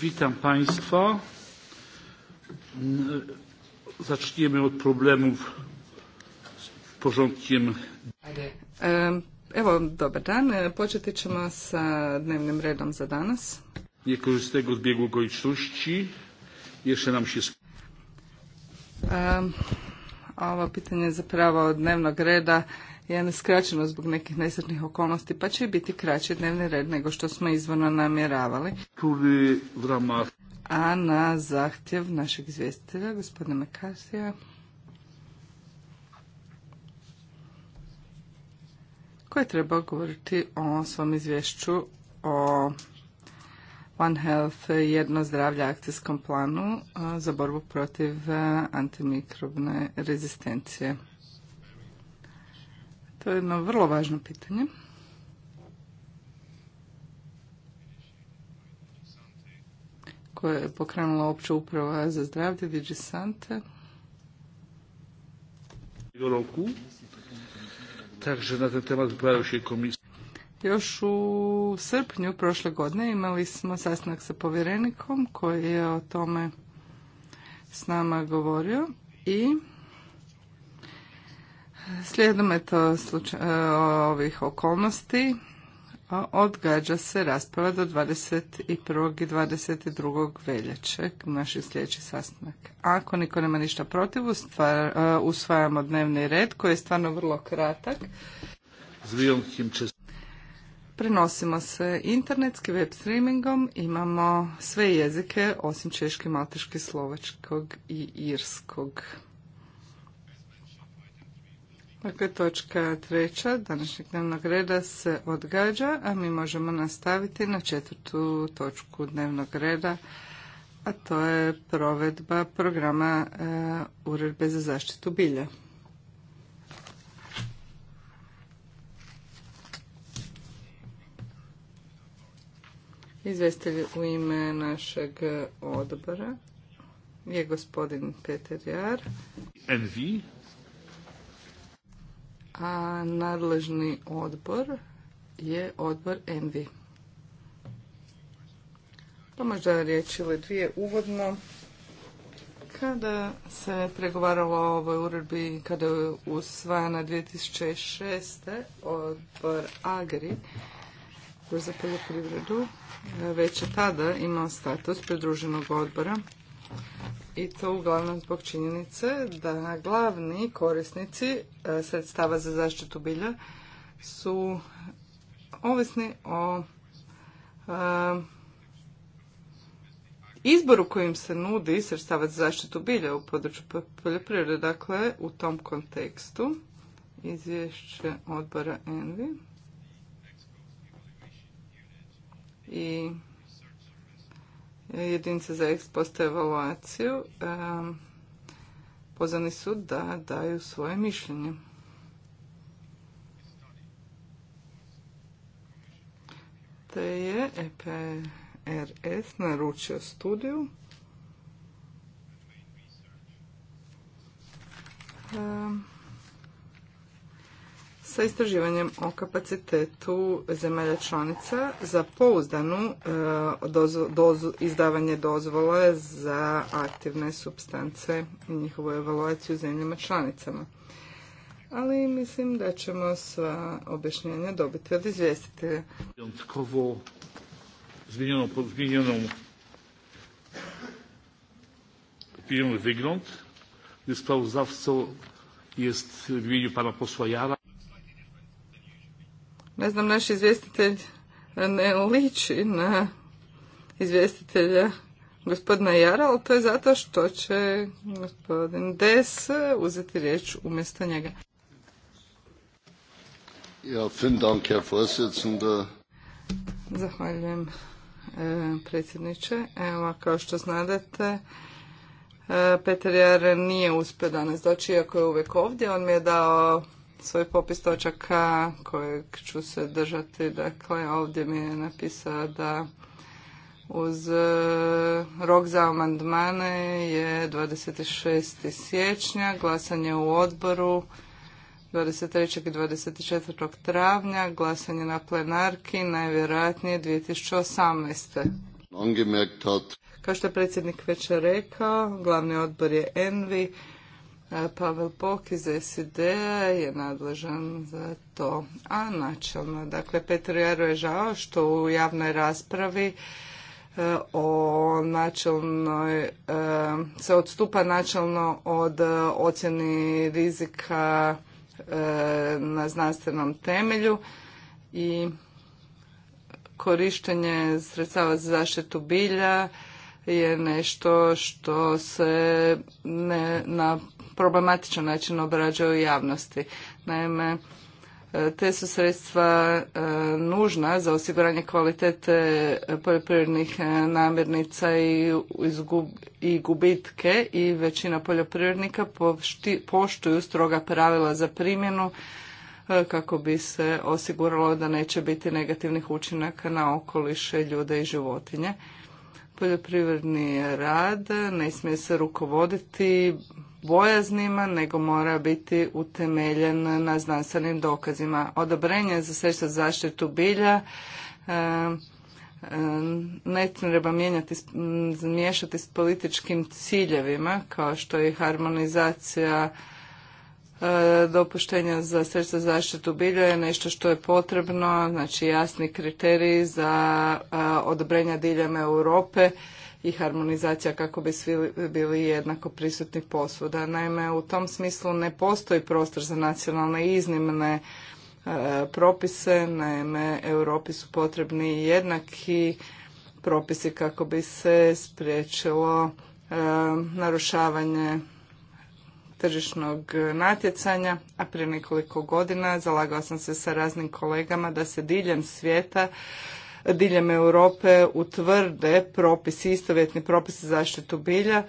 Witam Państwa. Zaczniemy od problemów z porządkiem. Evo, dobar dan. Početi ćemo sa dnevnim redom za danas. Niekorzystnego zbjegu okoliczności. Jeszcze nam się... ovo pitanje zapravo dnevnog reda je skraćeno zbog nekih nesretnih okolnosti, pa će biti kraći dnevni red nego što smo izvorno namjeravali. A na zahtjev našeg izvjestitelja, gospodina Mekasija, koji je trebao govoriti o svom izvješću o One Health jedno zdravlje akcijskom planu za borbu protiv antimikrobne rezistencije. To je jedno vrlo važno pitanje. koje je pokrenula opća uprava za zdravlje Digi Sante. na temat Još u srpnju prošle godine imali smo sastanak sa povjerenikom koji je o tome s nama govorio i Slijedom eto slučaj, e, ovih okolnosti odgađa se rasprava do 21. i 22. veljače, naš sljedeći sastanak. Ako niko nema ništa protiv, e, usvajamo dnevni red koji je stvarno vrlo kratak. Prenosimo se internetski web streamingom, imamo sve jezike osim češki, malteški, slovačkog i irskog. Dakle, točka treća današnjeg dnevnog reda se odgađa, a mi možemo nastaviti na četvrtu točku dnevnog reda, a to je provedba programa e, Uredbe za zaštitu bilja. Izvestelj u ime našeg odbora je gospodin Peter Jar. NV a nadležni odbor je odbor Envi. Pa možda riječ ili dvije uvodno. Kada se pregovaralo o ovoj uredbi, kada je usvajana 2006. odbor Agri, za poljoprivredu, već je tada imao status pridruženog odbora i to uglavnom zbog činjenice da glavni korisnici e, sredstava za zaštitu bilja su ovisni o e, izboru kojim se nudi sredstava za zaštitu bilja u području poljoprivrede. Dakle, u tom kontekstu izvješće odbora ENVI i jedinice za ex evaluaciju pozvani su da daju svoje mišljenje. Te je EPRS naručio studiju sa istraživanjem o kapacitetu zemalja članica za pouzdanu e, izdavanje dozvole za aktivne substance i njihovu evaluaciju zemljama članicama. Ali mislim da ćemo sva objašnjenja dobiti od izvjestitelja. Zmieniono, zmieniono wygląd, jest jest w imieniu pana posła ne znam, naš izvjestitelj ne liči na izvjestitelja gospodina Jara, ali to je zato što će gospodin Des uzeti riječ umjesto njega. Ja, vielen Dank, Zahvaljujem e, predsjedniče. Evo, kao što znadete, e, Peter Jar nije uspio danas doći, iako je uvijek ovdje. On mi je dao svoj popis točaka kojeg ću se držati. Dakle, ovdje mi je napisao da uz e, rok za amandmane je 26. siječnja, glasanje u odboru 23. i 24. travnja, glasanje na plenarki najvjerojatnije 2018. Kao što je predsjednik već rekao, glavni odbor je Envi, E, Pavel Pok iz sid je nadležan za to. A načelno, dakle, Petar Jaro je žao što u javnoj raspravi e, o načelnoj, e, se odstupa načelno od ocjeni rizika na znanstvenom temelju i korištenje sredstava za zaštitu bilja je nešto što se ne, na problematičan način obrađuje u javnosti. Naime, te su sredstva e, nužna za osiguranje kvalitete poljoprivrednih e, namirnica i gubitke i većina poljoprivrednika poštuju stroga pravila za primjenu e, kako bi se osiguralo da neće biti negativnih učinaka na okoliše, ljude i životinje poljoprivredni rad ne smije se rukovoditi bojaznima, nego mora biti utemeljen na znanstvenim dokazima. Odobrenje za sredstva zaštitu bilja e, e, ne treba mijenjati, miješati s političkim ciljevima, kao što je harmonizacija E, dopuštenja za sredstva zaštitu bilja je nešto što je potrebno, znači jasni kriteriji za e, odobrenja diljem Europe i harmonizacija kako bi svi bili jednako prisutni posvuda. Naime, u tom smislu ne postoji prostor za nacionalne iznimne e, propise, naime, Europi su potrebni jednaki propisi kako bi se spriječilo narušavanje tržišnog natjecanja, a prije nekoliko godina zalagao sam se sa raznim kolegama da se diljem svijeta diljem Europe utvrde propisi, istovjetni propisi zaštitu bilja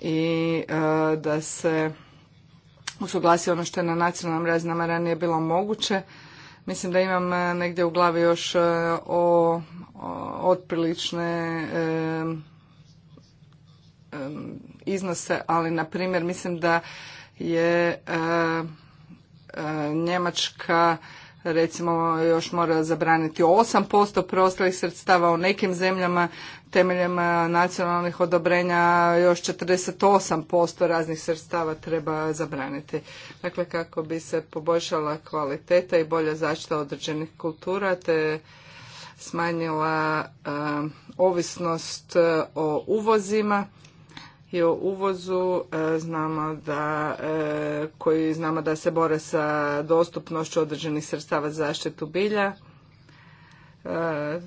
i e, da se usuglasi ono što je na nacionalnom razinama ranije bilo moguće. Mislim da imam e, negdje u glavi još e, o, o otprilične iznose, ali na primjer mislim da je Njemačka recimo još mora zabraniti 8% preostalih sredstava u nekim zemljama temeljem eh, nacionalnih odobrenja još 48% raznih sredstava treba zabraniti. Dakle, kako bi se poboljšala kvaliteta i bolja zaštita određenih kultura te smanjila ovisnost eh, o uvozima i o uvozu e, znamo da e, koji znamo da se bore sa dostupnošću određenih sredstava za zaštitu bilja e,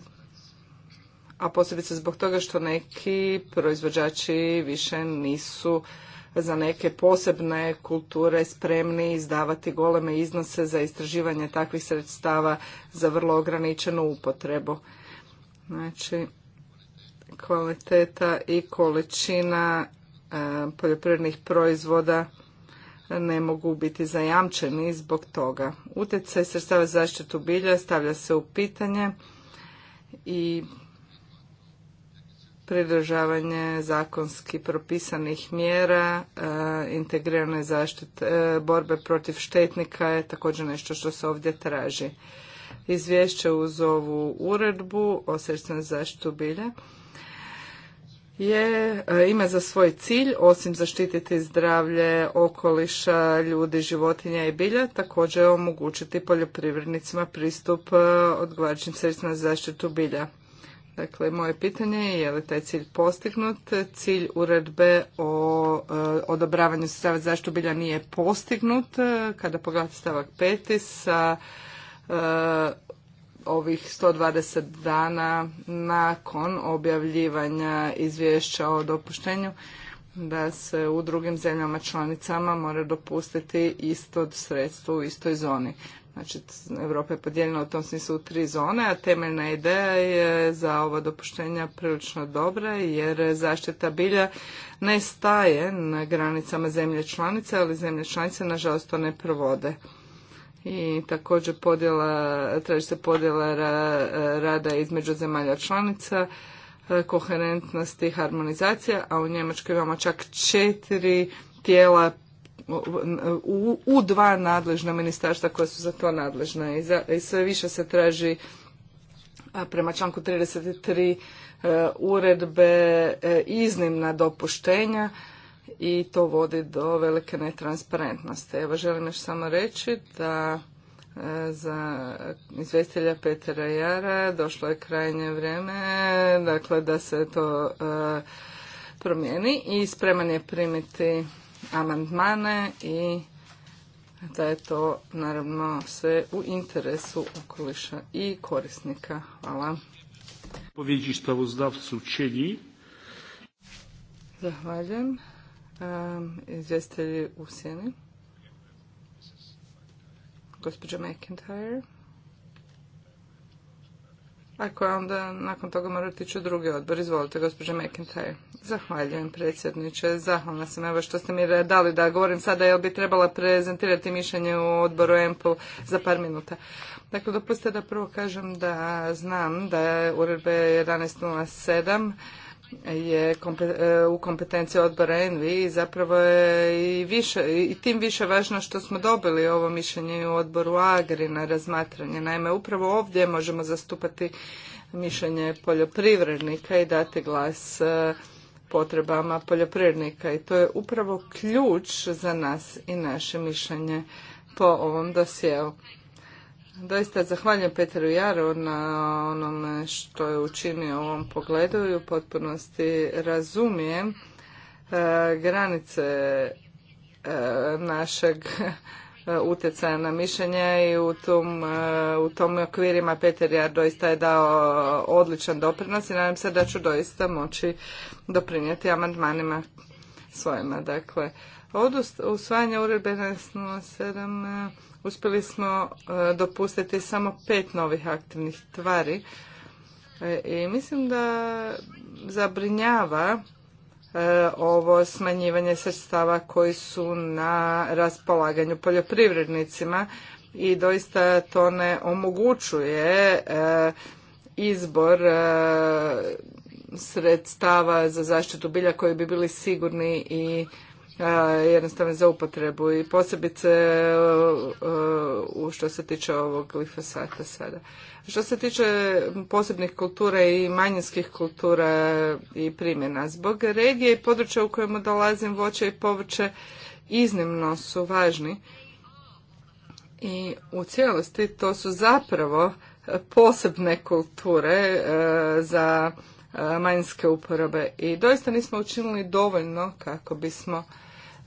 a posebice zbog toga što neki proizvođači više nisu za neke posebne kulture spremni izdavati goleme iznose za istraživanje takvih sredstava za vrlo ograničenu upotrebu. Znači, kvaliteta i količina e, poljoprivrednih proizvoda ne mogu biti zajamčeni zbog toga. Utjecaj sredstava zaštitu bilja stavlja se u pitanje i pridržavanje zakonski propisanih mjera, e, integrirane zaštite, e, borbe protiv štetnika je također nešto što se ovdje traži. Izvješće uz ovu uredbu o sredstvenom zaštitu bilja je, e, ima za svoj cilj, osim zaštititi zdravlje okoliša, ljudi, životinja i bilja, također omogućiti poljoprivrednicima pristup e, odgovarajućim sredstvima za zaštitu bilja. Dakle, moje pitanje je je li taj cilj postignut. Cilj uredbe o e, odobravanju sredstava za zaštitu bilja nije postignut. Kada pogledate stavak peti sa ovih 120 dana nakon objavljivanja izvješća o dopuštenju da se u drugim zemljama članicama mora dopustiti isto sredstvo u istoj zoni. Znači, Europa je podijeljena u tom smislu u tri zone, a temeljna ideja je za ova dopuštenja prilično dobra, jer zaštita bilja ne staje na granicama zemlje članice, ali zemlje članice, nažalost, to ne provode i također podjela, traži se podjela rada između zemalja članica, e, koherentnost i harmonizacija, a u Njemačkoj imamo čak četiri tijela u, dva nadležna ministarstva koja su za to nadležna i, sve više se traži a prema članku 33 e, uredbe e, iznimna dopuštenja i to vodi do velike netransparentnosti. Evo želim još samo reći da e, za izvjestitelja Petera Jara došlo je krajnje vrijeme, dakle da se to e, promijeni i spreman je primiti amandmane i da je to naravno sve u interesu okoliša i korisnika. Hvala. Povjeđi Zahvaljujem. Um, izvjestitelji u sjeni. Gospođa McIntyre. Ako je onda nakon toga morate ići u drugi odbor. Izvolite, gospođa McIntyre. Zahvaljujem, predsjedniče. Zahvalna sam evo što ste mi dali da govorim sada, jer bi trebala prezentirati mišljenje u odboru empu za par minuta. Dakle, dopustite da prvo kažem da znam da je uredbe 11.07 je e, u kompetenciji odbora Envi i zapravo je i, više, i tim više važno što smo dobili ovo mišljenje u odboru Agri na razmatranje. Naime, upravo ovdje možemo zastupati mišljenje poljoprivrednika i dati glas e, potrebama poljoprivrednika i to je upravo ključ za nas i naše mišljenje po ovom dosjeu. Doista zahvaljujem Peteru Jaru na onome što je učinio u ovom pogledu i u potpunosti razumijem e, granice e, našeg e, utjecaja na mišljenje i u tom, u tom okvirima Peter Jar doista je dao odličan doprinos i nadam se da ću doista moći doprinijeti amandmanima svojima. Dakle, od usvajanja uredbe sedam uspjeli smo e, dopustiti samo pet novih aktivnih tvari e, i mislim da zabrinjava e, ovo smanjivanje sredstava koji su na raspolaganju poljoprivrednicima i doista to ne omogućuje izbor sredstava za zaštitu bilja koji bi bili sigurni i jednostavno za upotrebu i posebice e, e, što se tiče ovog glifosata sada. Što se tiče posebnih kultura i manjinskih kultura i primjena, zbog regije i područja u kojemu dolazim voće i povrće iznimno su važni i u cijelosti to su zapravo posebne kulture e, za manjinske uporabe i doista nismo učinili dovoljno kako bismo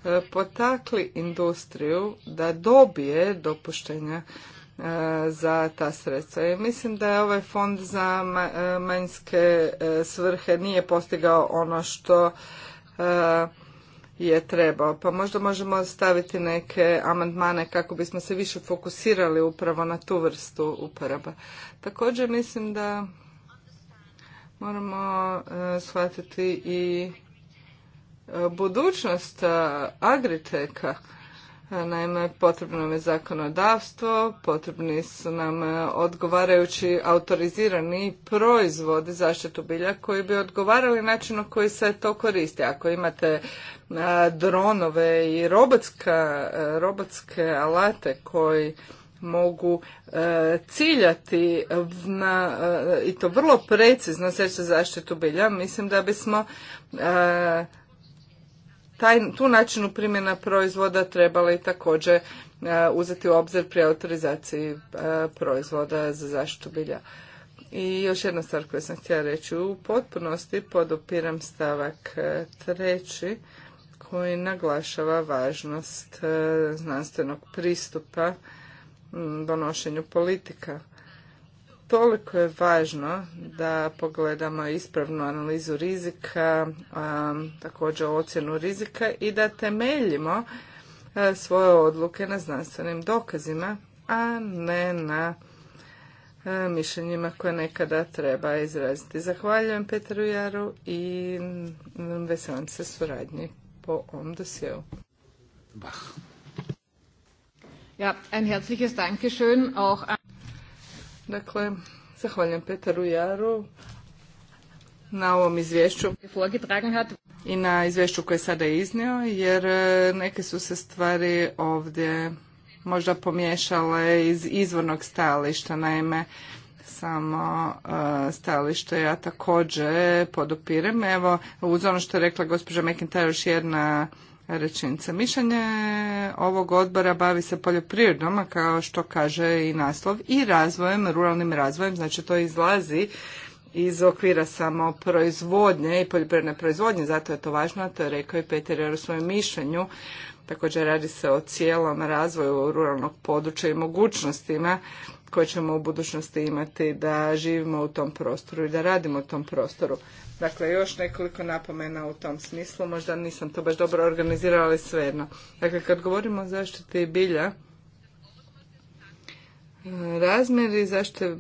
E, potakli industriju da dobije dopuštenja e, za ta sredstva. I mislim da je ovaj fond za e, manjske svrhe nije postigao ono što je trebao. Pa možda možemo staviti neke amandmane kako bismo se više fokusirali upravo na tu vrstu uporaba. Također mislim da moramo shvatiti i budućnost e, agriteka. E, naime, potrebno nam je zakonodavstvo, potrebni su nam e, odgovarajući autorizirani proizvodi zaštitu bilja koji bi odgovarali načinu koji se to koristi. Ako imate dronove i robotska, robotske alate koji mogu ciljati na, i to vrlo precizno sreće zaštitu bilja, mislim da bismo taj, tu načinu primjena proizvoda trebala i također e, uzeti u obzir pri autorizaciji e, proizvoda za zaštitu bilja. I još jedna stvar koju sam htjela reći. U potpunosti podupiram stavak e, treći koji naglašava važnost znanstvenog pristupa donošenju politika toliko je važno da pogledamo ispravnu analizu rizika, također ocjenu rizika i da temeljimo svoje odluke na znanstvenim dokazima, a ne na mišljenjima koje nekada treba izraziti. Zahvaljujem Petru Jaru i veselam se suradnji po ovom dosijelu. Ja, ein herzliches Dankeschön auch Dakle, zahvaljujem Petaru Jaru na ovom izvješću i na izvješću koje je sada iznio, jer e, neke su se stvari ovdje možda pomiješale iz izvornog stajališta. Naime, samo e, stajalište ja također podupirem. Evo, uz ono što je rekla gospođa McIntyre, još jedna rečenica. Mišljenje ovog odbora bavi se poljoprivredom, kao što kaže i naslov, i razvojem, ruralnim razvojem, znači to izlazi iz okvira samo proizvodnje i poljoprivredne proizvodnje, zato je to važno, to je rekao i Peter u svojem mišljenju. Također radi se o cijelom razvoju ruralnog područja i mogućnostima koje ćemo u budućnosti imati da živimo u tom prostoru i da radimo u tom prostoru. Dakle, još nekoliko napomena u tom smislu, možda nisam to baš dobro organizirala, ali svejedno. Dakle, kad govorimo o zaštiti bilja, e, razmjeri zaštite e,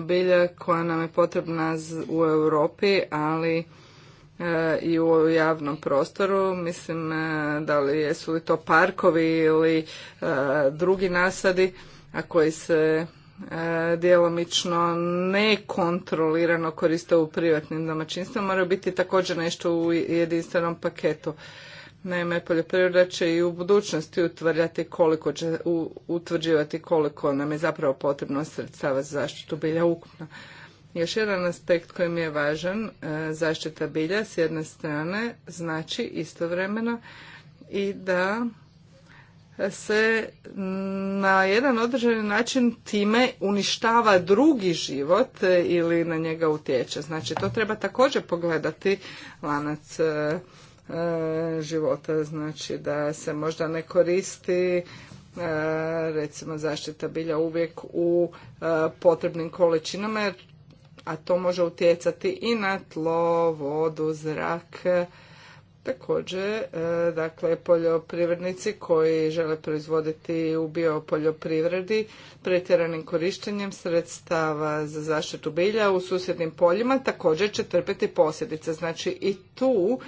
bilja koja nam je potrebna u Europi, ali e, i u javnom prostoru. Mislim, da li jesu li to parkovi ili drugi nasadi, a koji se E, djelomično nekontrolirano koriste u privatnim domaćinstvima moraju biti također nešto u jedinstvenom paketu. Naime, poljoprivreda će i u budućnosti utvrđivati koliko će, utvrđivati koliko nam je zapravo potrebno sredstava za zaštitu bilja ukupno. Još jedan aspekt koji mi je važan, e, zaštita bilja s jedne strane znači istovremeno i da se na jedan određeni način time uništava drugi život e, ili na njega utječe. Znači to treba također pogledati lanac e, e, života, znači da se možda ne koristi recimo zaštita bilja uvijek u potrebnim količinama, a to može utjecati i na tlo, vodu, zrak, Također, e, dakle, poljoprivrednici koji žele proizvoditi u biopoljoprivredi pretjeranim korištenjem sredstava za zaštitu bilja u susjednim poljima također će trpjeti posljedice. Znači i tu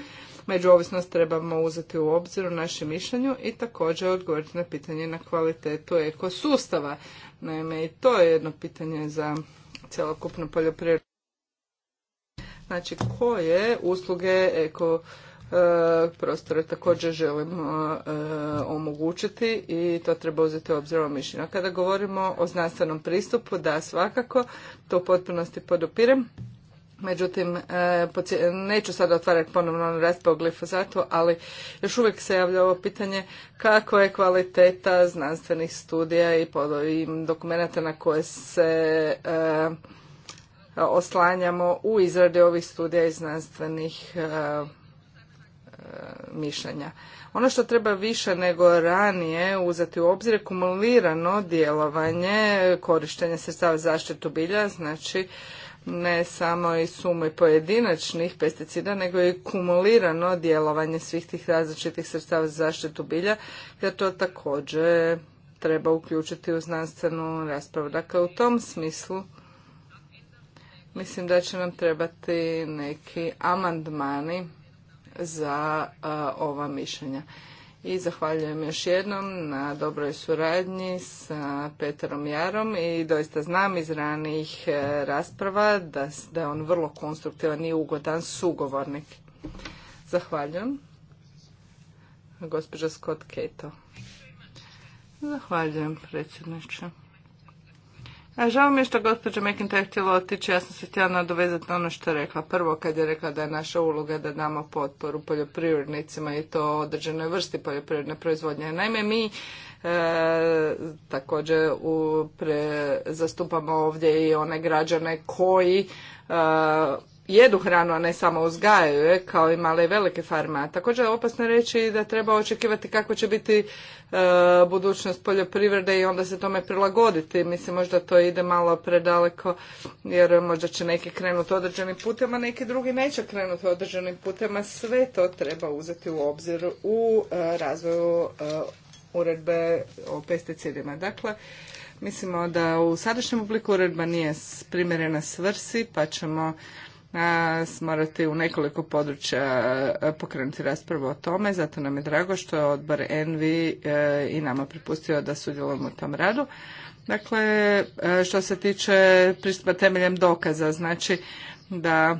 međuovisnost trebamo uzeti u obzir u našem mišljenju i također odgovoriti na pitanje na kvalitetu ekosustava. Naime, i to je jedno pitanje za cjelokupnu poljoprivredu. Znači, koje usluge eko E, prostore također želimo e, omogućiti i to treba uzeti u obzir mišljenje. Kada govorimo o znanstvenom pristupu, da svakako, to u potpunosti podupirem. Međutim, e, neću sada otvarati ponovno raspravu glifozatu, ali još uvijek se javlja ovo pitanje kako je kvaliteta znanstvenih studija i dokumenta na koje se oslanjamo u izradi ovih studija i znanstvenih mišljenja. Ono što treba više nego ranije uzeti u obzir je kumulirano djelovanje korištenje sredstava zaštitu bilja, znači ne samo i sume pojedinačnih pesticida, nego i kumulirano djelovanje svih tih različitih sredstava za zaštitu bilja, jer to također treba uključiti u znanstvenu raspravu. Dakle, u tom smislu mislim da će nam trebati neki amandmani za ova mišljenja. I zahvaljujem još jednom na dobroj suradnji sa Peterom Jarom i doista znam iz ranijih e, rasprava da, je on vrlo konstruktivan i ugodan sugovornik. Zahvaljujem. Gospođa Scott Cato. Zahvaljujem predsjedniče. Žao mi je što gospođa McIntyre htjela otići, ja sam se htjela nadovezati na ono što je rekla. Prvo kad je rekla da je naša uloga da damo potporu poljoprivrednicima i to određenoj vrsti poljoprivredne proizvodnje. Naime, mi e, također u, pre, zastupamo ovdje i one građane koji e, jedu hranu, a ne samo uzgajaju je, kao i male i velike farma. Također je opasno reći da treba očekivati kako će biti e, budućnost poljoprivrede i onda se tome prilagoditi. Mislim, možda to ide malo predaleko, jer možda će neki krenuti određenim a neki drugi neće krenuti određenim putema. Sve to treba uzeti u obzir u e, razvoju e, uredbe o pesticidima. Dakle, mislimo da u sadašnjem obliku uredba nije primjerena svrsi, pa ćemo morati u nekoliko područja pokrenuti raspravu o tome, zato nam je drago što je odbor Envi i nama pripustio da sudjelujemo u tom radu. Dakle, e, što se tiče pristupa temeljem dokaza, znači da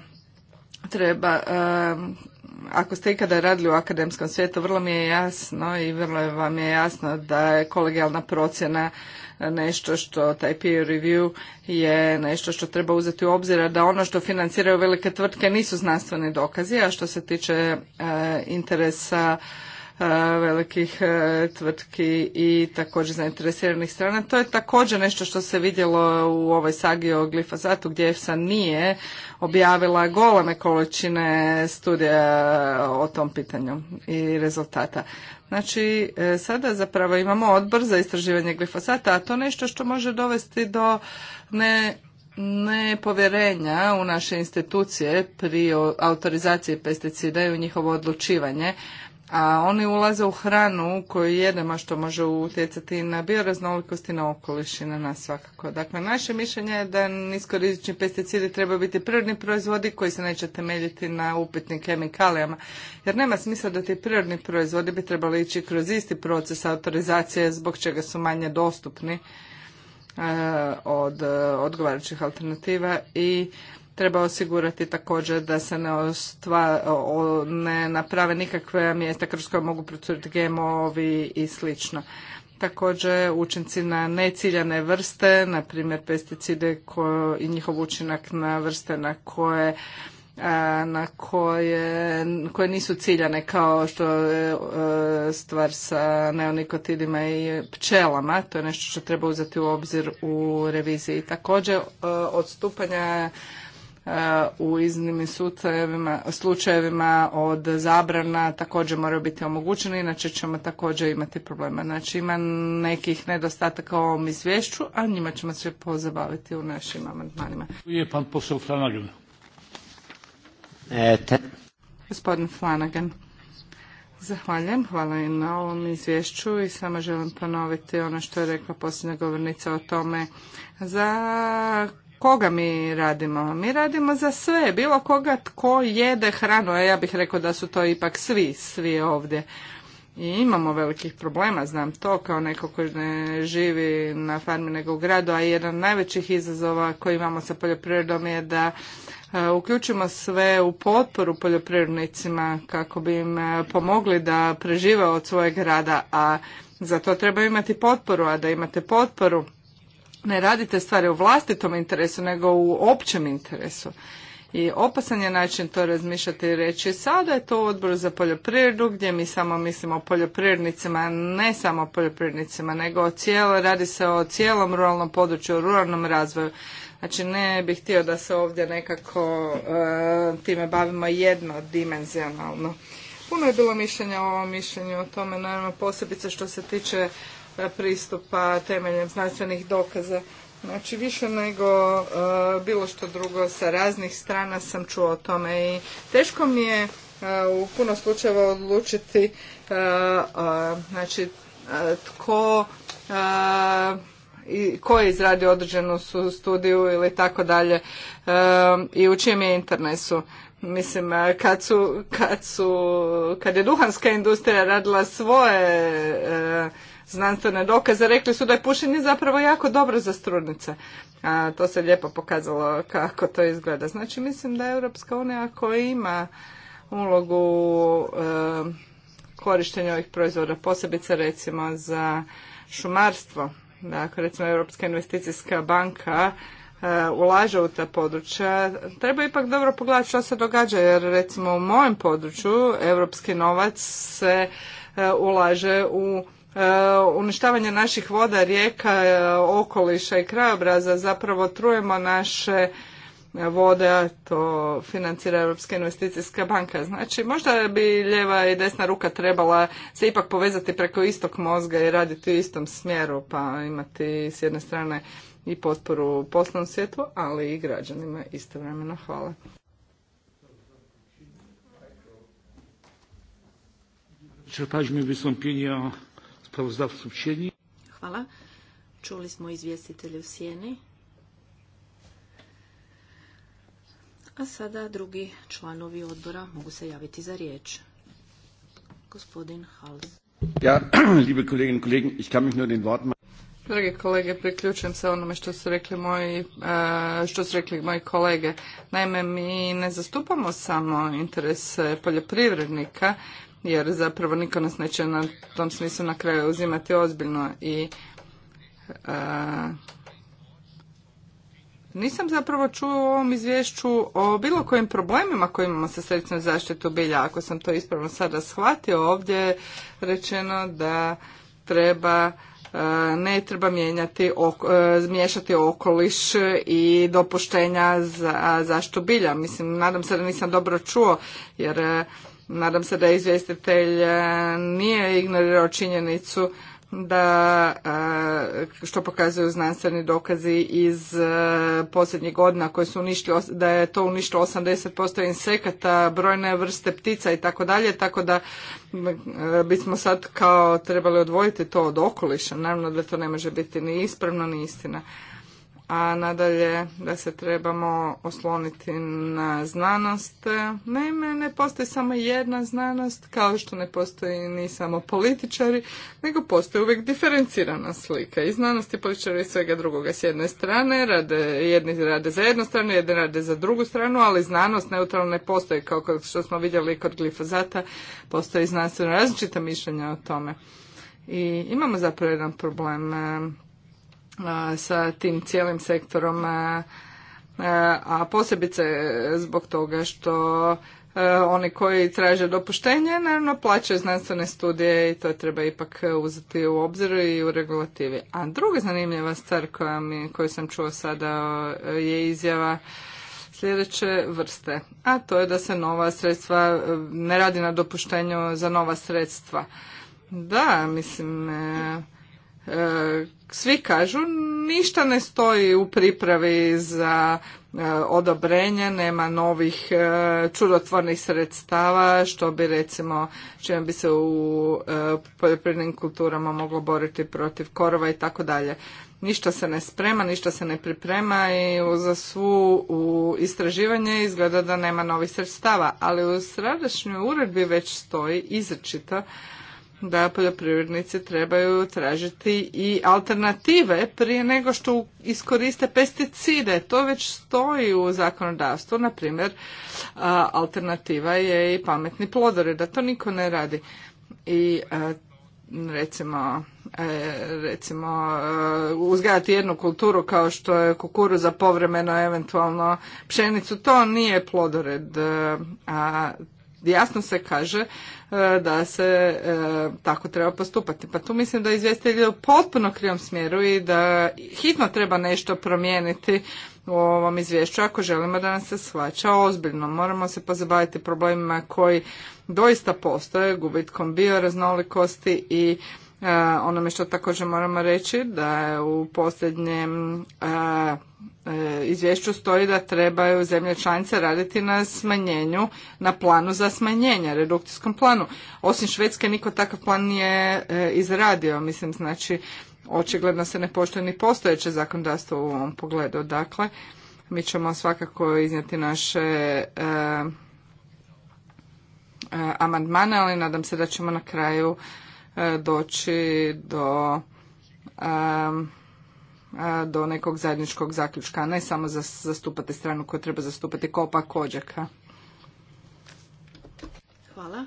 treba e, ako ste ikada radili u akademskom svijetu, vrlo mi je jasno i vrlo vam je jasno da je kolegijalna procjena nešto što taj peer review je nešto što treba uzeti u obzira da ono što financiraju velike tvrtke nisu znanstveni dokazi, a što se tiče e, interesa E, velikih e, tvrtki i također zainteresiranih strana. To je također nešto što se vidjelo u ovoj sagi o glifosatu gdje EFSA nije objavila goleme količine studija e, o tom pitanju i rezultata. Znači, sada zapravo imamo odbor za istraživanje glifosata, a to nešto što može dovesti do nepovjerenja u naše institucije pri autorizaciji pesticida i u njihovo odlučivanje, a oni ulaze u hranu koju jedemo što može utjecati na bioraznolikost i na okoliš i na nas svakako. Dakle, naše mišljenje je da niskorizični pesticidi trebaju biti prirodni proizvodi koji se neće temeljiti na upitnim kemikalijama. Jer nema smisla da ti prirodni proizvodi bi trebali ići kroz isti proces autorizacije zbog čega su manje dostupni e, od e, odgovarajućih alternativa i Treba osigurati također da se ne, ne naprave nikakve mjesta kroz koje mogu procuriti GMO-ovi i slično. Također učinci na neciljane vrste, na primjer pesticide i njihov učinak na vrste na koje na koje, koje nisu ciljane kao što je e, stvar sa neonikotidima i pčelama. To je nešto što treba uzeti u obzir u reviziji. Također e, odstupanja u iznimnim slučajevima od zabrana također moraju biti omogućeni, inače ćemo također imati problema. Znači ima nekih nedostataka u ovom izvješću, a njima ćemo se pozabaviti u našim amandmanima. Je pan posao Flanagan. E, Gospodin Flanagan. Zahvaljujem, hvala i na ovom izvješću i samo želim ponoviti ono što je rekla posljednja govornica o tome za koga mi radimo? Mi radimo za sve, bilo koga tko jede hranu, a ja bih rekao da su to ipak svi, svi ovdje. I imamo velikih problema, znam to, kao neko koji ne živi na farmi nego u gradu, a jedan od najvećih izazova koji imamo sa poljoprivredom je da e, uključimo sve u potporu poljoprivrednicima kako bi im e, pomogli da prežive od svojeg rada, a za to treba imati potporu, a da imate potporu ne radite stvari u vlastitom interesu, nego u općem interesu. I opasan je način to razmišljati i reći. Sada je to odbor za poljoprivredu gdje mi samo mislimo o poljoprivrednicima, ne samo o poljoprivrednicima, nego o cijelo, radi se o cijelom ruralnom području, o ruralnom razvoju. Znači ne bih htio da se ovdje nekako e, time bavimo jednodimenzionalno. Puno je bilo mišljenja o ovom mišljenju o tome, naravno posebice što se tiče pristupa temeljem znanstvenih dokaza. Znači više nego e, bilo što drugo sa raznih strana sam čuo o tome i teško mi je e, u puno slučajeva odlučiti e, znači tko i ko je izradio određenu su studiju ili tako dalje i u čijem je internetu Mislim, kad su, kad su, kad je duhanska industrija radila svoje znanstvene dokaze, rekli su da je pušenje zapravo jako dobro za strunice. A to se lijepo pokazalo kako to izgleda. Znači mislim da je Europska unija koja ima ulogu e, korištenja ovih proizvoda, posebice recimo za šumarstvo. Dakle, recimo Europska investicijska banka e, ulaže u ta područja, treba ipak dobro pogledati što se događa, jer recimo u mojem području europski novac se e, ulaže u E, uništavanje naših voda, rijeka, e, okoliša i krajobraza zapravo trujemo naše vode, to financira Europska investicijska banka. Znači, možda bi ljeva i desna ruka trebala se ipak povezati preko istog mozga i raditi u istom smjeru, pa imati s jedne strane i potporu u poslovnom svijetu, ali i građanima istovremeno. Hvala. Hvala. Čuli smo izvjestitelje u sjeni. A sada drugi članovi odbora mogu se javiti za riječ. Gospodin Hals. Ja, ich kann mich nur den Worten Drage kolege, priključujem se onome što su rekli moji, e, što su rekli moji kolege. Naime, mi ne zastupamo samo interese poljoprivrednika, jer zapravo niko nas neće na tom smislu na kraju uzimati ozbiljno i e, nisam zapravo čuo u ovom izvješću o bilo kojim problemima koje imamo sa sredstvima zaštitu bilja. Ako sam to ispravno sada shvatio, ovdje je rečeno da treba e, ne treba mijenjati, zmiješati e, okoliš i dopuštenja za zaštitu bilja. Mislim, nadam se da nisam dobro čuo, jer Nadam se da izvjestitelj e, nije ignorirao činjenicu da e, što pokazuju znanstveni dokazi iz e, posljednjih godina koji su uništili, da je to uništilo 80% insekata, brojne vrste ptica i tako dalje, tako da bismo sad kao trebali odvojiti to od okoliša. Naravno da to ne može biti ni ispravno ni istina a nadalje da se trebamo osloniti na znanost. Naime, ne postoji samo jedna znanost, kao što ne postoji ni samo političari, nego postoji uvijek diferencirana slika. I znanost i političari svega drugoga s jedne strane, rade, jedni rade za jednu stranu, jedni rade za drugu stranu, ali znanost neutralno ne postoji, kao što smo vidjeli kod glifozata, postoji znanstveno različita mišljenja o tome. I imamo zapravo jedan problem sa tim cijelim sektorom, a posebice zbog toga što oni koji traže dopuštenje naravno plaćaju znanstvene studije i to treba ipak uzeti u obzir i u regulativi. A druga zanimljiva stvar koja mi, koju sam čuo sada je izjava sljedeće vrste, a to je da se nova sredstva ne radi na dopuštenju za nova sredstva. Da, mislim, e, e, svi kažu ništa ne stoji u pripravi za e, odobrenje, nema novih e, čudotvornih sredstava što bi recimo čime bi se u e, poljoprivrednim kulturama moglo boriti protiv korova i tako dalje. Ništa se ne sprema, ništa se ne priprema i za svu u istraživanje izgleda da nema novih sredstava, ali u sradašnjoj uredbi već stoji izrečito da poljoprivrednici trebaju tražiti i alternative prije nego što iskoriste pesticide. To već stoji u zakonodavstvu, na primjer alternativa je i pametni plodori, da to niko ne radi. I recimo e, recimo e, uzgajati jednu kulturu kao što je za povremeno eventualno pšenicu, to nije plodored, e, a jasno se kaže e, da se e, tako treba postupati. Pa tu mislim da izvjestitelj je u potpuno krivom smjeru i da hitno treba nešto promijeniti u ovom izvješću ako želimo da nas se shvaća ozbiljno. Moramo se pozabaviti problemima koji doista postoje, gubitkom bioraznolikosti i E, onome što također moramo reći da je u posljednjem e, e, izvješću stoji da trebaju zemlje članice raditi na smanjenju, na planu za smanjenje, redukcijskom planu. Osim Švedske niko takav plan nije izradio, mislim znači očigledno se ne poštuje ni postojeće zakonodavstvo u ovom pogledu. Dakle, mi ćemo svakako iznijeti naše amandmane, ali nadam se da ćemo na kraju E, doći do e, e, do nekog zajedničkog zaključka, a ne samo za zastupati stranu koju treba zastupati kopa kođaka. Hvala.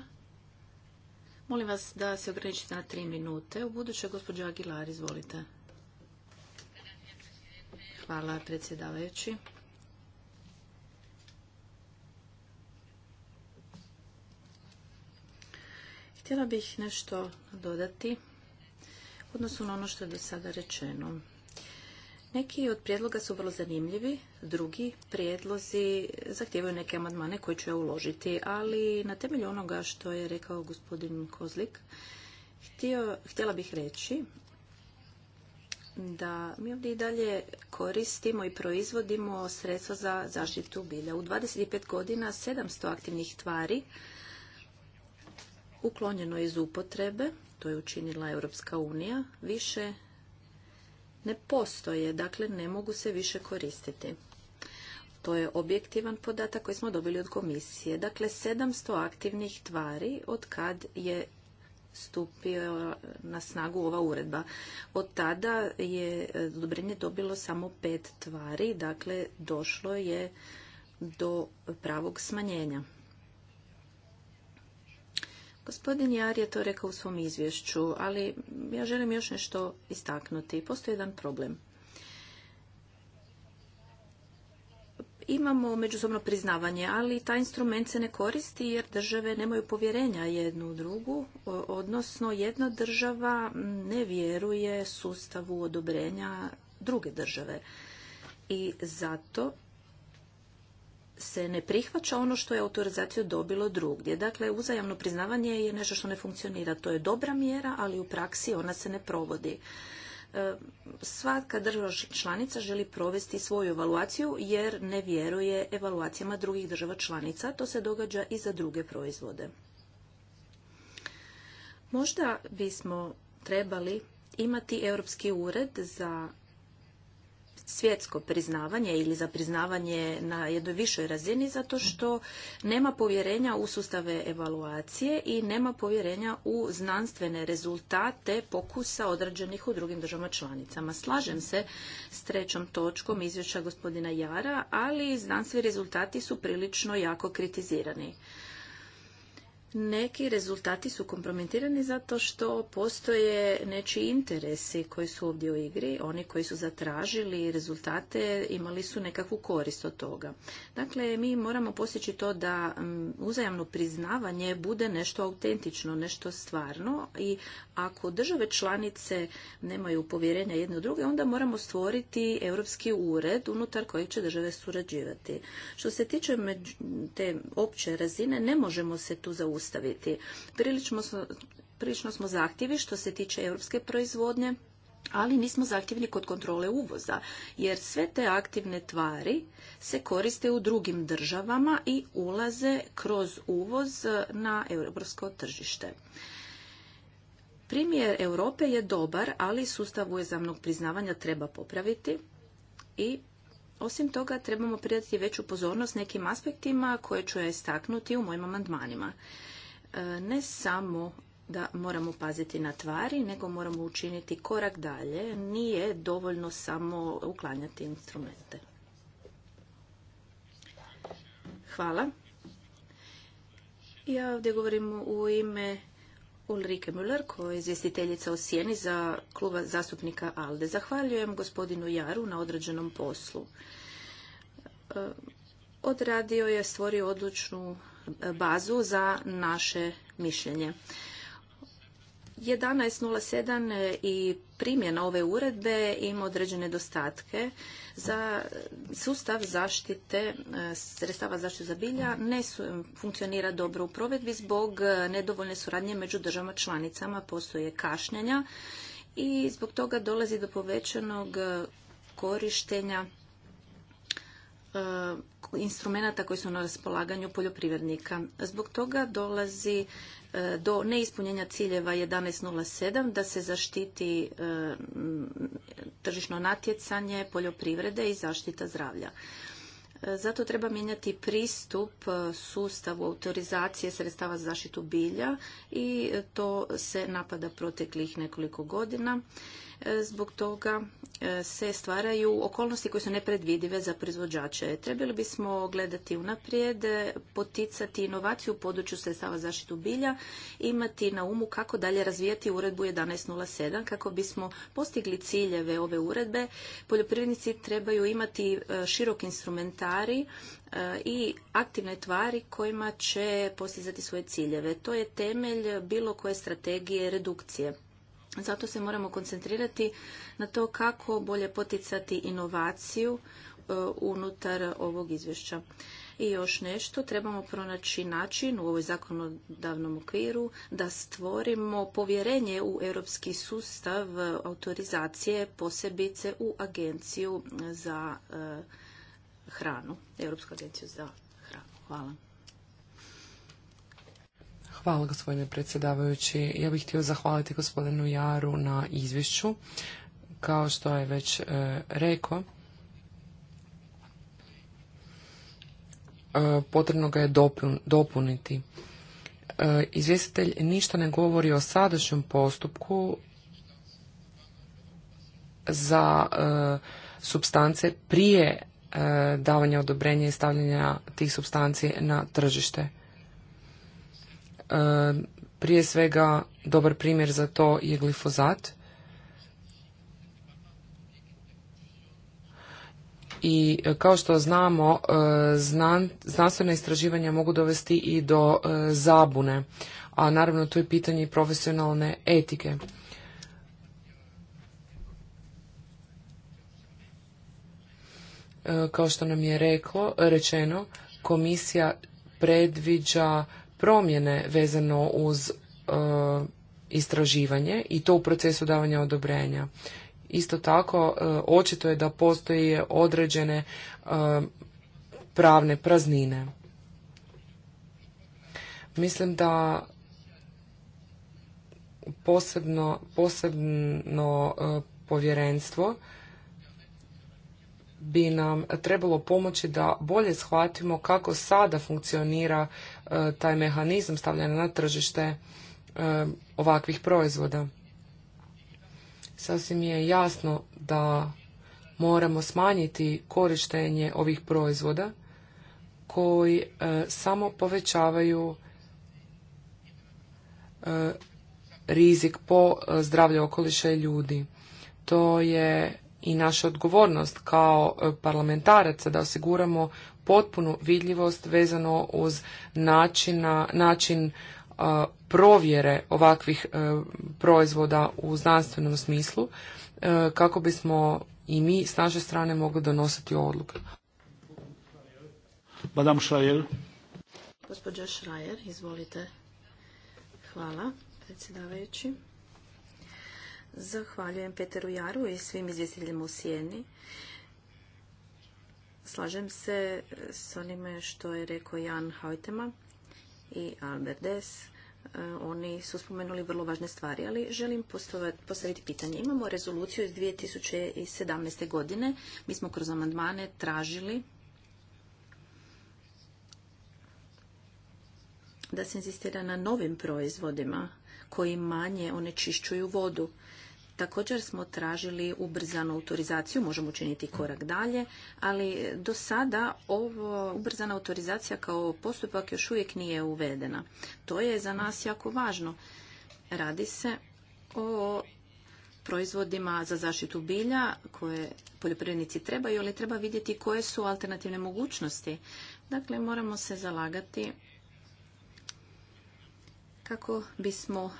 Molim vas da se ograničite na tri minute. U buduće, gospođo Aguilar, izvolite. Hvala, predsjedavajući. Htjela bih nešto dodati odnosu na ono što je do sada rečeno. Neki od prijedloga su vrlo zanimljivi, drugi prijedlozi zahtijevaju neke amandmane koje ću ja uložiti, ali na temelju onoga što je rekao gospodin Kozlik, htjela bih reći da mi ovdje i dalje koristimo i proizvodimo sredstva za zaštitu bilja. U 25 godina 700 aktivnih tvari uklonjeno iz upotrebe, to je učinila Europska unija, više ne postoje, dakle ne mogu se više koristiti. To je objektivan podatak koji smo dobili od komisije. Dakle, 700 aktivnih tvari od kad je stupio na snagu ova uredba. Od tada je odobrenje dobilo samo pet tvari, dakle došlo je do pravog smanjenja. Gospodin Jar je to rekao u svom izvješću, ali ja želim još nešto istaknuti. Postoji jedan problem. Imamo međusobno priznavanje, ali taj instrument se ne koristi jer države nemaju povjerenja jednu u drugu, odnosno jedna država ne vjeruje sustavu odobrenja druge države. I zato se ne prihvaća ono što je autorizaciju dobilo drugdje. Dakle, uzajamno priznavanje je nešto što ne funkcionira. To je dobra mjera, ali u praksi ona se ne provodi. E, svaka država članica želi provesti svoju evaluaciju jer ne vjeruje evaluacijama drugih država članica. To se događa i za druge proizvode. Možda bismo trebali imati Europski ured za svjetsko priznavanje ili za priznavanje na jednoj višoj razini zato što nema povjerenja u sustave evaluacije i nema povjerenja u znanstvene rezultate pokusa odrađenih u drugim državama članicama. Slažem se s trećom točkom izvješća gospodina Jara, ali znanstveni rezultati su prilično jako kritizirani neki rezultati su kompromitirani zato što postoje nečiji interesi koji su ovdje u igri. Oni koji su zatražili rezultate imali su nekakvu korist od toga. Dakle, mi moramo posjeći to da mm, uzajamno priznavanje bude nešto autentično, nešto stvarno i ako države članice nemaju povjerenja jedne u druge, onda moramo stvoriti europski ured unutar kojeg će države surađivati. Što se tiče te opće razine, ne možemo se tu zaustaviti zaustaviti. Prilično, smo zahtjevi što se tiče europske proizvodnje, ali nismo zahtjevni kod kontrole uvoza, jer sve te aktivne tvari se koriste u drugim državama i ulaze kroz uvoz na europsko tržište. Primjer Europe je dobar, ali sustav uzajamnog priznavanja treba popraviti i osim toga, trebamo pridati veću pozornost nekim aspektima koje ću ja istaknuti u mojim amandmanima. E, ne samo da moramo paziti na tvari, nego moramo učiniti korak dalje. Nije dovoljno samo uklanjati instrumente. Hvala. Ja ovdje govorim u ime Ulrike Müller, koja je izvjestiteljica o sjeni za kluba zastupnika ALDE. Zahvaljujem gospodinu Jaru na određenom poslu. E, odradio je stvorio odlučnu bazu za naše mišljenje. 11.07 i primjena ove uredbe ima određene dostatke za sustav zaštite e, sredstava zaštite za bilja ne funkcionira dobro u provedbi zbog nedovoljne suradnje među državama članicama postoje kašnjenja i zbog toga dolazi do povećanog korištenja e, instrumenata koji su na raspolaganju poljoprivrednika. Zbog toga dolazi do neispunjenja ciljeva 11.07 da se zaštiti e, tržišno natjecanje poljoprivrede i zaštita zdravlja. E, zato treba mijenjati pristup e, sustavu autorizacije sredstava za zaštitu bilja i to se napada proteklih nekoliko godina. Zbog toga e, se stvaraju okolnosti koje su nepredvidive za proizvođače. Trebali bismo gledati unaprijed, poticati inovaciju u području sredstava zaštitu bilja, imati na umu kako dalje razvijati uredbu 1107 kako bismo postigli ciljeve ove uredbe. Poljoprivrednici trebaju imati e, širok instrumentari e, i aktivne tvari kojima će postizati svoje ciljeve. To je temelj bilo koje strategije redukcije. Zato se moramo koncentrirati na to kako bolje poticati inovaciju e, unutar ovog izvješća. I još nešto, trebamo pronaći način u ovoj zakonodavnom okviru da stvorimo povjerenje u europski sustav autorizacije, posebice u agenciju za e, hranu, Europsku agenciju za hranu. Hvala. Hvala gospodine predsjedavajući. Ja bih htio zahvaliti gospodinu Jaru na izvješću. Kao što je već e, rekao, e, potrebno ga je dopuniti. E, izvjestitelj ništa ne govori o sadašnjem postupku za substance prije davanja odobrenja i stavljanja tih substanci na tržište prije svega dobar primjer za to je glifozat. I e, kao što znamo, e, znan, znanstvena istraživanja mogu dovesti i do e, zabune, a naravno tu je pitanje profesionalne etike. Kao što nam je reklo, rečeno, komisija predviđa promjene vezano uz e, istraživanje i to u procesu davanja odobrenja. Isto tako, e, očito je da postoje određene e, pravne praznine. Mislim da posebno, posebno povjerenstvo bi nam trebalo pomoći da bolje shvatimo kako sada funkcionira E, taj mehanizam stavljanja na tržište e, ovakvih proizvoda. Sasvim je jasno da moramo smanjiti korištenje ovih proizvoda koji e, samo povećavaju rizik po zdravlje okoliša i ljudi. To je i naša odgovornost kao parlamentaraca da osiguramo potpunu vidljivost vezano uz načina, način provjere ovakvih e, proizvoda u znanstvenom smislu e, kako bismo i mi s naše strane mogli donositi odluke. Madame Schreier. Gospođa Schreier, izvolite. Hvala, predsjedavajući. Zahvaljujem Peteru Jaru i svim izvjestiteljima u Sijeni Slažem se e, s onime što je rekao Jan Hojtema i Albert Des. E, oni su spomenuli vrlo važne stvari, ali želim postaviti pitanje. Imamo rezoluciju iz 2017. godine. Mi smo kroz amandmane tražili da se insistira na novim proizvodima koji manje onečišćuju vodu. Također smo tražili ubrzanu autorizaciju, možemo učiniti korak dalje, ali do sada ovo ubrzana autorizacija kao postupak još uvijek nije uvedena. To je za nas jako važno. Radi se o proizvodima za zaštitu bilja koje poljoprivrednici trebaju, ali treba vidjeti koje su alternativne mogućnosti. Dakle, moramo se zalagati kako bismo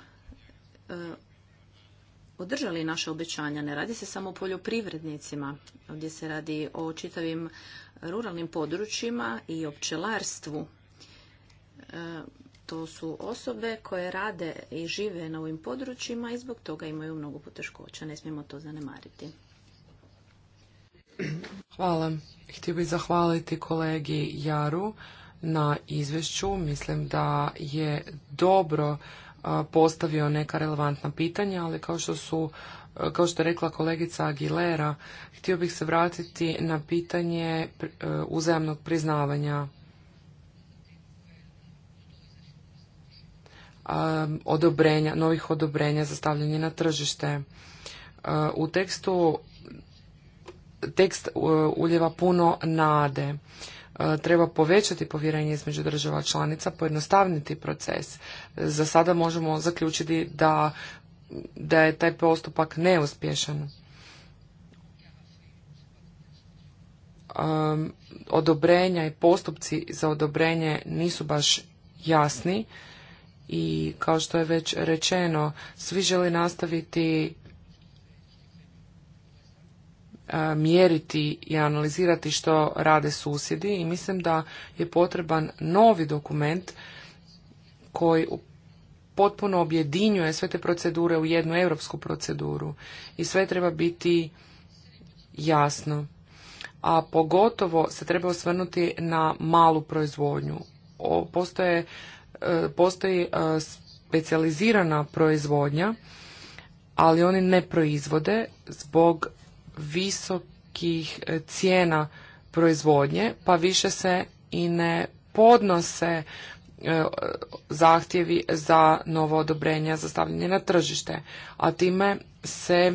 e, održali naše obećanja. Ne radi se samo o poljoprivrednicima. Ovdje se radi o čitavim ruralnim područjima i o pčelarstvu. E, to su osobe koje rade i žive na ovim područjima i zbog toga imaju mnogo poteškoća. Ne smijemo to zanemariti. Hvala. Htio bih zahvaliti kolegi Jaru na izvješću. Mislim da je dobro postavio neka relevantna pitanja, ali kao što su e, kao što je rekla kolegica Aguilera, htio bih se vratiti na pitanje e, uzajamnog priznavanja odobrenja, novih odobrenja za stavljanje na tržište. E, u tekstu tekst uljeva puno nade. E, treba povećati povjerenje između država članica, pojednostavniti proces. E, za sada možemo zaključiti da, da je taj postupak neuspješan. E, odobrenja i postupci za odobrenje nisu baš jasni i kao što je već rečeno, svi žele nastaviti mjeriti i analizirati što rade susjedi i mislim da je potreban novi dokument koji potpuno objedinjuje sve te procedure u jednu europsku proceduru i sve treba biti jasno. A pogotovo se treba osvrnuti na malu proizvodnju. Postoje, e, postoji e, specijalizirana proizvodnja, ali oni ne proizvode zbog visokih e, cijena proizvodnje, pa više se i ne podnose e, zahtjevi za novo odobrenja za stavljanje na tržište, a time se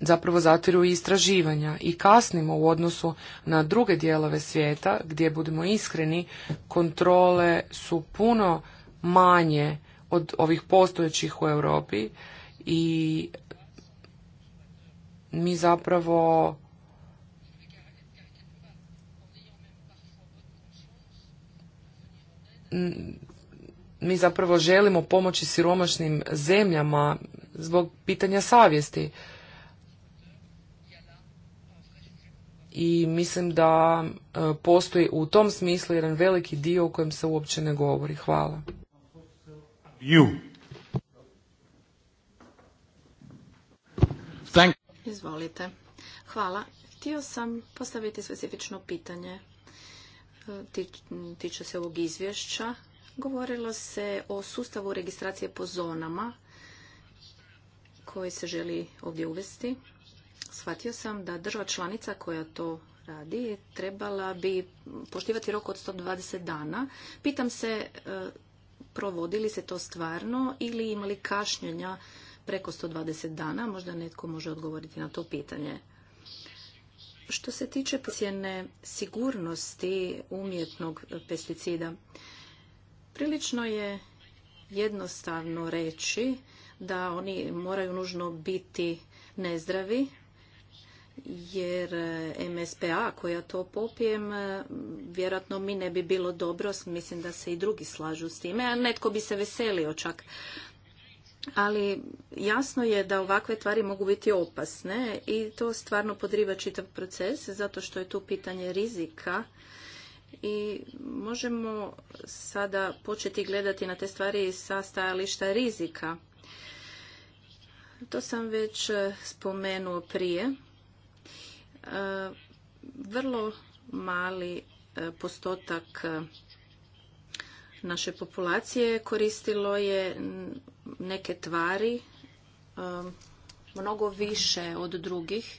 zapravo zatiru istraživanja i kasnimo u odnosu na druge dijelove svijeta gdje budemo iskreni kontrole su puno manje od ovih postojećih u Europi i mi zapravo mi zapravo želimo pomoći siromašnim zemljama zbog pitanja savjesti. I mislim da e, postoji u tom smislu jedan veliki dio o kojem se uopće ne govori. Hvala. Izvolite. Hvala. Htio sam postaviti specifično pitanje. Tiče se ovog izvješća. Govorilo se o sustavu registracije po zonama koji se želi ovdje uvesti. Shvatio sam da država članica koja to radi trebala bi poštivati rok od 120 dana. Pitam se e, provodi li se to stvarno ili imali kašnjenja preko 120 dana. Možda netko može odgovoriti na to pitanje. Što se tiče procjene sigurnosti umjetnog pesticida, prilično je jednostavno reći da oni moraju nužno biti nezdravi, jer MSPA koja to popijem, vjerojatno mi ne bi bilo dobro, mislim da se i drugi slažu s time, a netko bi se veselio čak ali jasno je da ovakve tvari mogu biti opasne i to stvarno podriva čitav proces zato što je tu pitanje rizika i možemo sada početi gledati na te stvari sa stajališta rizika. To sam već e, spomenuo prije. E, vrlo mali e, postotak naše populacije koristilo je neke tvari um, mnogo više od drugih.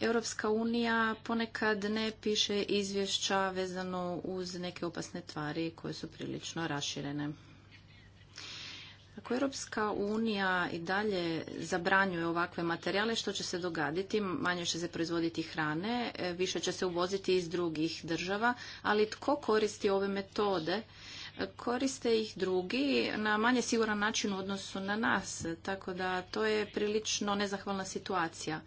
Europska unija ponekad ne piše izvješća vezano uz neke opasne tvari koje su prilično raširene. Ako dakle, Europska unija i dalje zabranjuje ovakve materijale, što će se dogaditi? Manje će se proizvoditi hrane, e, više će se uvoziti iz drugih država, ali tko koristi ove metode? E, koriste ih drugi na manje siguran način u odnosu na nas, tako da to je prilično nezahvalna situacija.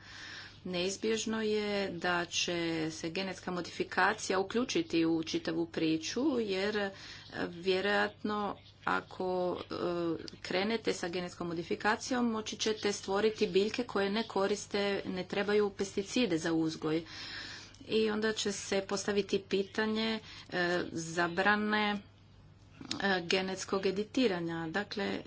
Neizbježno je da će se genetska modifikacija uključiti u čitavu priču, jer e, vjerojatno ako e, krenete sa genetskom modifikacijom moći ćete stvoriti biljke koje ne koriste, ne trebaju pesticide za uzgoj. I onda će se postaviti pitanje e, zabrane e, genetskog editiranja. Dakle,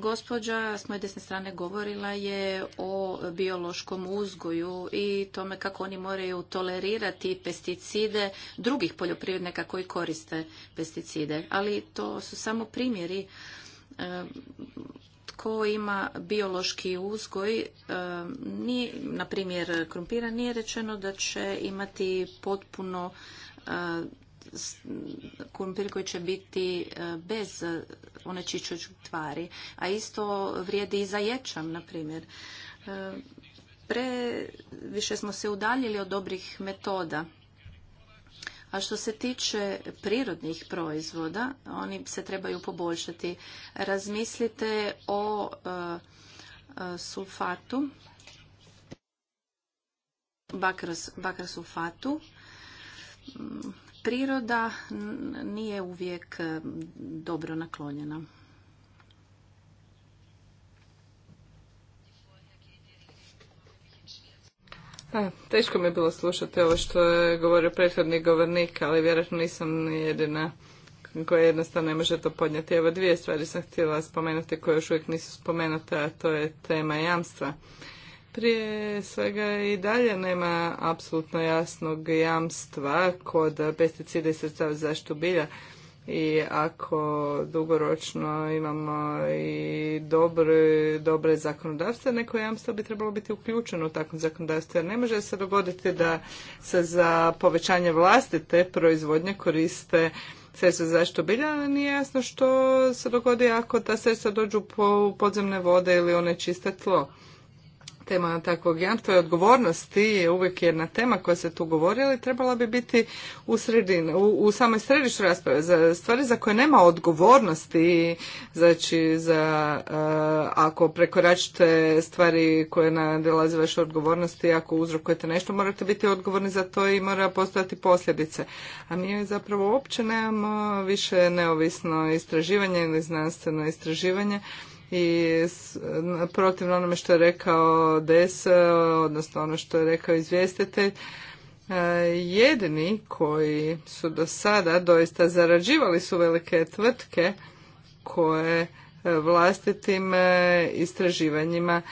Gospođa s moje desne strane govorila je o biološkom uzgoju i tome kako oni moraju tolerirati pesticide drugih poljoprivrednika koji koriste pesticide. Ali to su samo primjeri tko ima biološki uzgoj, na primjer krumpira, nije rečeno da će imati potpuno kumpir koji će biti e, bez onečišćujućih tvari. A isto vrijedi i za ječam, na primjer. E, pre više smo se udaljili od dobrih metoda. A što se tiče prirodnih proizvoda, oni se trebaju poboljšati. Razmislite o e, sulfatu, bakar sulfatu. Mm, priroda nije uvijek e, dobro naklonjena. teško mi je bilo slušati ovo što je govorio prethodni govornik, ali vjerojatno nisam jedina koja jednostavno ne može to podnijeti. Evo dvije stvari sam htjela spomenuti koje još uvijek nisu spomenute, a to je tema jamstva. Prije svega i dalje nema apsolutno jasnog jamstva kod pesticida i sredstava zaštitu bilja i ako dugoročno imamo i dobre, dobre zakonodavstva, neko jamstvo bi trebalo biti uključeno u takvom zakonodavstvu, jer ne može se dogoditi da se za povećanje vlastite proizvodnje koriste sredstva zaštitu bilja, nije jasno što se dogodi ako ta sredstva dođu po podzemne vode ili one čiste tlo tema takvog jamstva i odgovornosti je uvijek jedna tema koja se tu govori, ali trebala bi biti u, sredini, u, u samoj središnjoj rasprave. Za stvari za koje nema odgovornosti, znači za, e, ako prekoračite stvari koje nadelaze vaše odgovornosti, ako uzrokujete nešto, morate biti odgovorni za to i mora postojati posljedice. A mi zapravo uopće nemamo više neovisno istraživanje ili znanstveno istraživanje, i protivno onome što je rekao DS, e, odnosno ono što je rekao izvjestitelj, e, jedini koji su do sada doista zarađivali su velike tvrtke koje e, vlastitim istraživanjima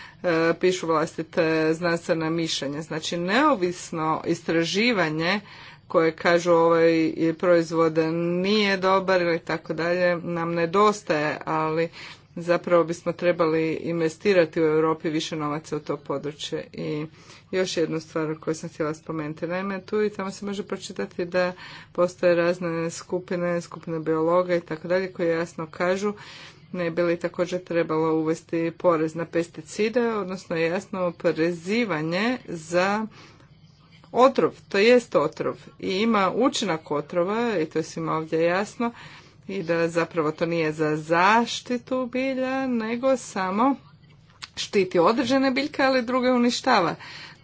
pišu vlastite znanstvena mišljenja. Znači neovisno istraživanje koje kažu ovaj proizvod nije dobar ili tako dalje nam nedostaje, ali zapravo bismo trebali investirati u Europi više novaca u to područje. I još jednu stvar koju sam htjela spomenuti. Naime, tu i tamo se može pročitati da postoje razne skupine, skupine biologa i tako dalje koje jasno kažu ne bi li također trebalo uvesti porez na pesticide, odnosno jasno oporezivanje za otrov, to jest otrov i ima učinak otrova i to je svima ovdje jasno i da zapravo to nije za zaštitu bilja, nego samo štiti određene biljke, ali druge uništava.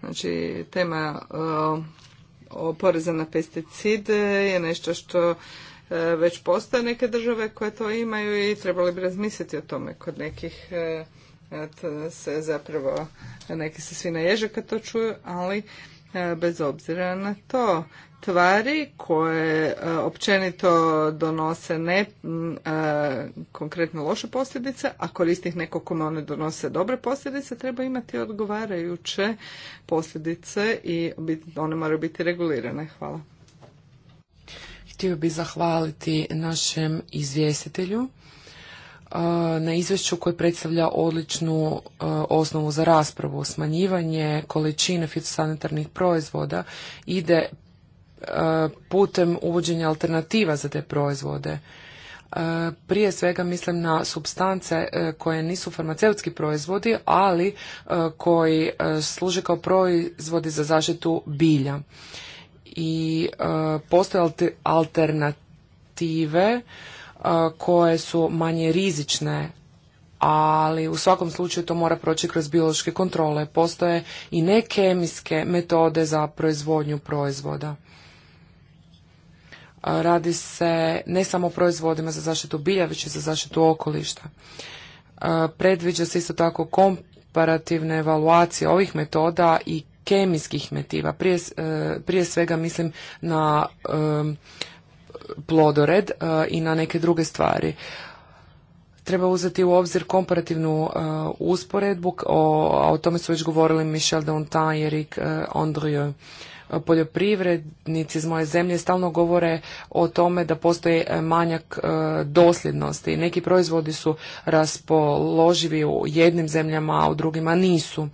Znači, tema o poreza na pesticide je nešto što e, već postoje neke države koje to imaju i trebali bi razmisliti o tome. Kod nekih e, e, se zapravo, neki se svi naježe kad to čuju, ali E, bez obzira na to tvari koje e, općenito donose ne e, konkretno loše posljedice, a koristih nekog kome one donose dobre posljedice, treba imati odgovarajuće posljedice i one moraju biti regulirane. Hvala. Htio bih zahvaliti našem izvjestitelju na izvješću koje predstavlja odličnu osnovu za raspravu. Smanjivanje količine fitosanitarnih proizvoda ide putem uvođenja alternativa za te proizvode. Prije svega mislim na substance koje nisu farmaceutski proizvodi, ali koji služe kao proizvodi za zaštitu bilja. I postoje alternative koje su manje rizične ali u svakom slučaju to mora proći kroz biološke kontrole. Postoje i kemijske metode za proizvodnju proizvoda. Radi se ne samo o proizvodima za zaštitu bilja, već i za zaštitu okolišta. Predviđa se isto tako komparativne evaluacije ovih metoda i kemijskih metiva. Prije, e, svega mislim na e, plodored e, i na neke druge stvari. Treba uzeti u obzir komparativnu e, usporedbu, o, a o tome su već govorili Michel Dantin i Eric e, poljoprivrednici iz moje zemlje stalno govore o tome da postoji manjak dosljednosti. Neki proizvodi su raspoloživi u jednim zemljama, a u drugima nisu.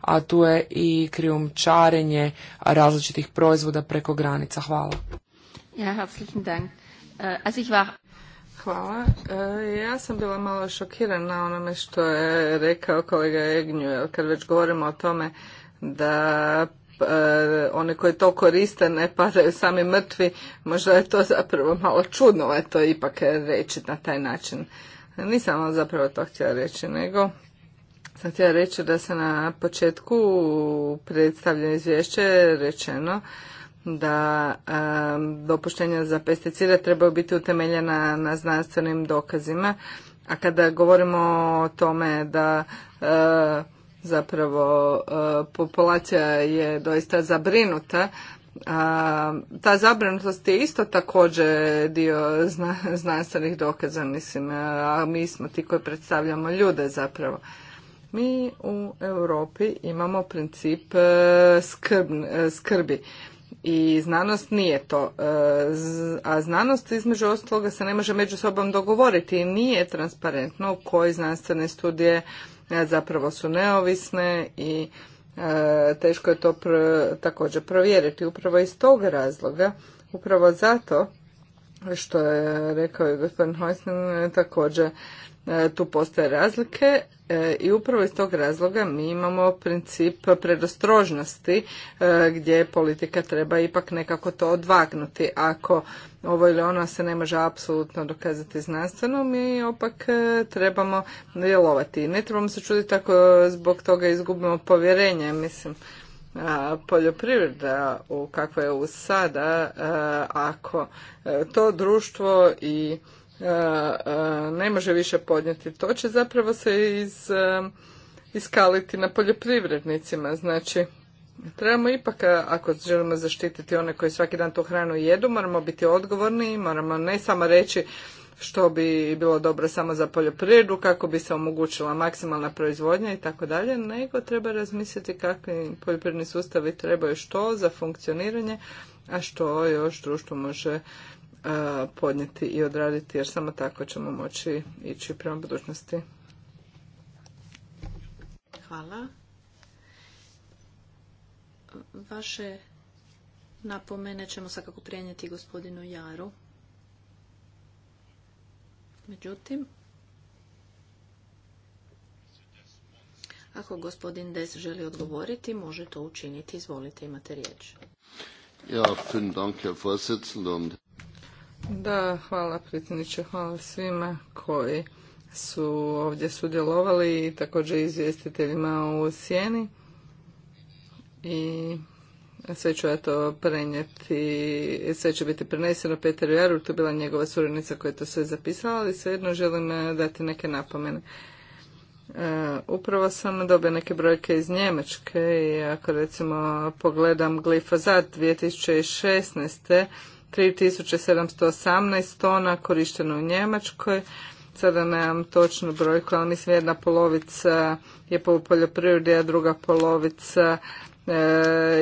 A tu je i krijumčarenje različitih proizvoda preko granica. Hvala. Äh, Hvala. Äh, ja sam bila malo šokirana onome što je rekao kolega Egnju, jer kad već govorimo o tome da äh, one koji to koriste ne padaju sami mrtvi, možda je to zapravo malo čudno, je to ipak reći na taj način. Nisam vam zapravo to htjela reći, nego sam htjela reći da se na početku predstavljeno izvješće rečeno da dopuštenja za pesticide trebaju biti utemeljena na znanstvenim dokazima, a kada govorimo o tome da zapravo populacija je doista zabrinuta, ta zabrinutost je isto također dio znanstvenih dokaza, mislim, a mi smo ti koji predstavljamo ljude zapravo. Mi u Europi imamo princip e, e, skrbi i znanost nije to. E, a znanost između ostaloga se ne može među sobom dogovoriti i nije transparentno koje znanstvene studije e, zapravo su neovisne i e, teško je to također provjeriti. Upravo iz tog razloga, upravo zato što je rekao i gospodin Hojsten, također E, tu postoje razlike e, i upravo iz tog razloga mi imamo princip predostrožnosti e, gdje politika treba ipak nekako to odvagnuti. Ako ovo ili ono se ne može apsolutno dokazati znanstveno, mi opak trebamo djelovati. Ne trebamo se čuditi ako zbog toga izgubimo povjerenje, mislim. poljoprivreda u kakva je u sada, ako to društvo i E, e, ne može više podnijeti. To će zapravo se iz, e, iskaliti na poljoprivrednicima. Znači, trebamo ipak, ako želimo zaštititi one koji svaki dan tu hranu jedu, moramo biti odgovorni moramo ne samo reći što bi bilo dobro samo za poljoprivredu, kako bi se omogućila maksimalna proizvodnja i tako dalje, nego treba razmisliti kakvi poljoprivredni sustavi trebaju što za funkcioniranje, a što još društvo može podnijeti i odraditi jer samo tako ćemo moći ići prema budućnosti. Hvala. Vaše napomene ćemo svakako prenijeti gospodinu Jaru. Međutim, ako gospodin Des želi odgovoriti, može to učiniti. Izvolite, imate riječ. Ja, da, hvala predsjedniče, hvala svima koji su ovdje sudjelovali i također izvjestiteljima u sjeni. I sve ću ja to prenijeti, sve će biti preneseno Peteru Jaru, to je bila njegova suradnica koja je to sve zapisala, ali svejedno želim eh, dati neke napomene. Eh, upravo sam dobio neke brojke iz Njemačke i ako recimo pogledam glifozat 2016 3718 tona korišteno u Njemačkoj. Sada nemam točnu brojku, ali mislim jedna polovica je po poljoprivredi, a druga polovica e,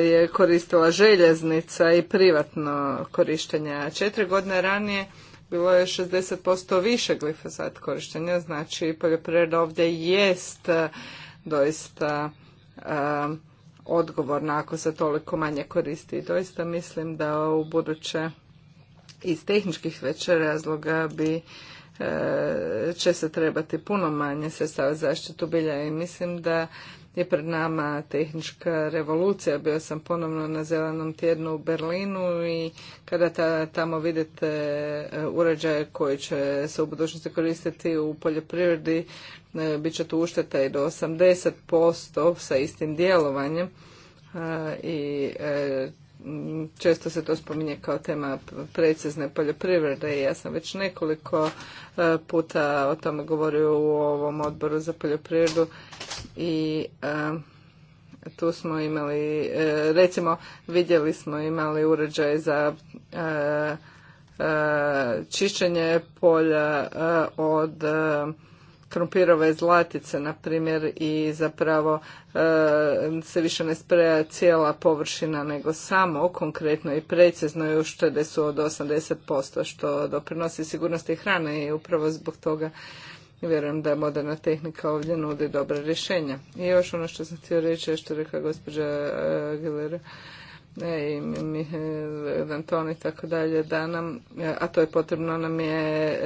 je koristila željeznica i privatno korištenje. Četiri godine ranije bilo je 60% više glifosat korištenja, znači poljoprivreda ovdje jest e, doista e, odgovorna ako se toliko manje koristi. I doista mislim da u buduće iz tehničkih već razloga bi e, će se trebati puno manje sredstava zaštitu bilja i mislim da je pred nama tehnička revolucija. Bio sam ponovno na zelenom tjednu u Berlinu i kada tamo vidite e, uređaje koji će se u budućnosti koristiti u poljoprivredi, e, bit će tu ušteta i do 80% sa istim djelovanjem i često se to spominje kao tema precizne poljoprivrede i ja sam već nekoliko e, puta o tome govorio u ovom odboru za poljoprivredu i e, tu smo imali, e, recimo vidjeli smo imali uređaj za čišćenje polja od krompirove zlatice, na primjer, i zapravo e, se više ne spreja cijela površina, nego samo konkretno i precizno i uštede su od 80%, što doprinosi sigurnosti hrane i upravo zbog toga vjerujem da moderna tehnika ovdje nudi dobra rješenja. I još ono što sam htio reći, što je rekla gospođa e, Aguilera, E, i e, eventualno i tako dalje da nam, e, a to je potrebno nam je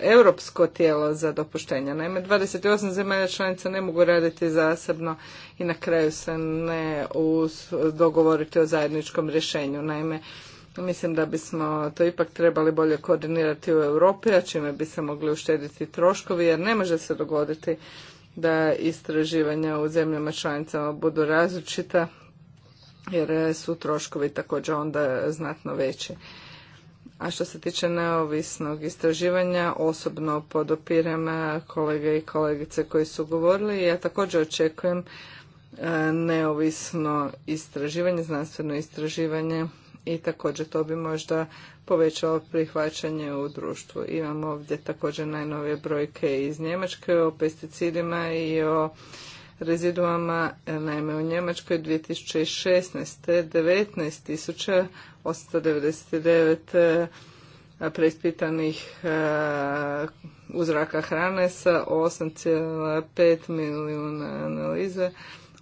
europsko tijelo za dopuštenje. Naime, 28 zemalja članica ne mogu raditi zasebno i na kraju se ne dogovoriti o zajedničkom rješenju. Naime, mislim da bismo to ipak trebali bolje koordinirati u Europi, a čime bi se mogli uštediti troškovi, jer ne može se dogoditi da istraživanja u zemljama članicama budu različita jer su troškovi također onda znatno veći. A što se tiče neovisnog istraživanja, osobno podopiram eh, kolege i kolegice koji su govorili. Ja također očekujem eh, neovisno istraživanje, znanstveno istraživanje i također to bi možda povećalo prihvaćanje u društvu. Imamo ovdje također najnovije brojke iz Njemačke o pesticidima i o reziduama, e, naime u Njemačkoj 2016. 19.899 e, preispitanih e, uzraka hrane sa 8,5 milijuna analize,